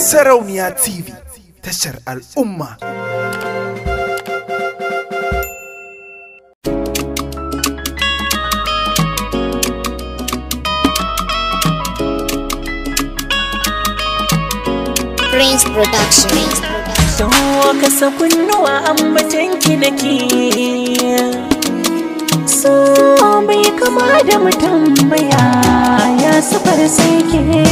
Sarauniya TV tashar al'umma. Prince Production. ka kasa kunnuwa an batanki da ke so bai kama da mutum baya ya sufar sai ke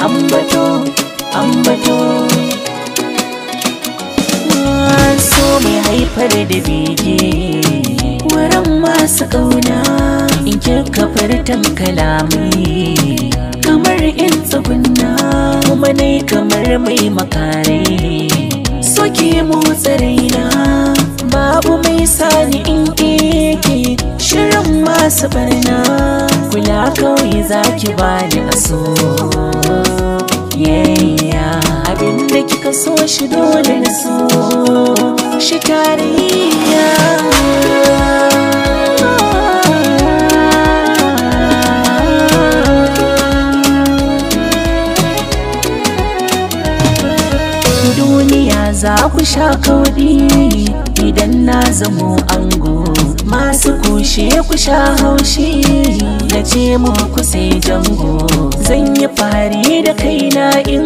ambato ambato so mai haifar da bege wurin masu ƙauna in kirka fartan kalami kamar in tsugunna kuma nai kamar mai makare soke motsa raina babu mai sani in eke shirin masu barna kula kawai zaki bani aso soyayya abinda kika so shi dole na so shi tarayya duniya za ku sha kaudi zamo ango masu kushe ku sha haushi na ce muku sai jango zan yi fari da kaina in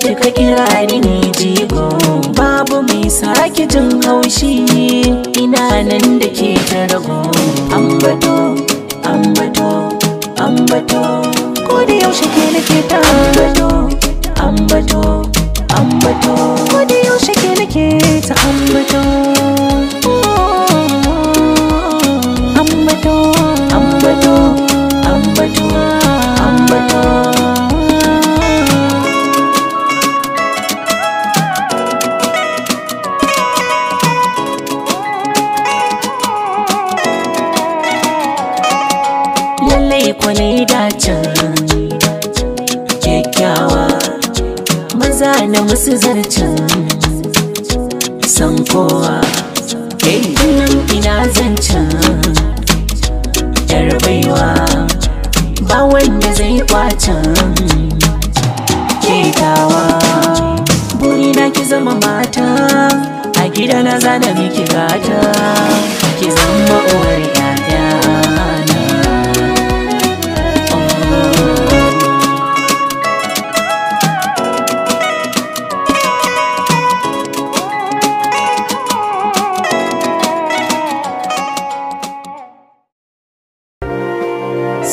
kika kira ni ne jigo babu mai sake jin haushi ina nan da ke ta ambato ambato ambato ko da yaushe ke nake ta ambato ambato ambato ko da yaushe ke nake ta ambato wani dacin kyakkyawa maza na musu zarcin sankowa, kowa ina zancen yarbaiwa ba wanda zai kwacin kekawa burina ki zama mata a gida na zana miki gata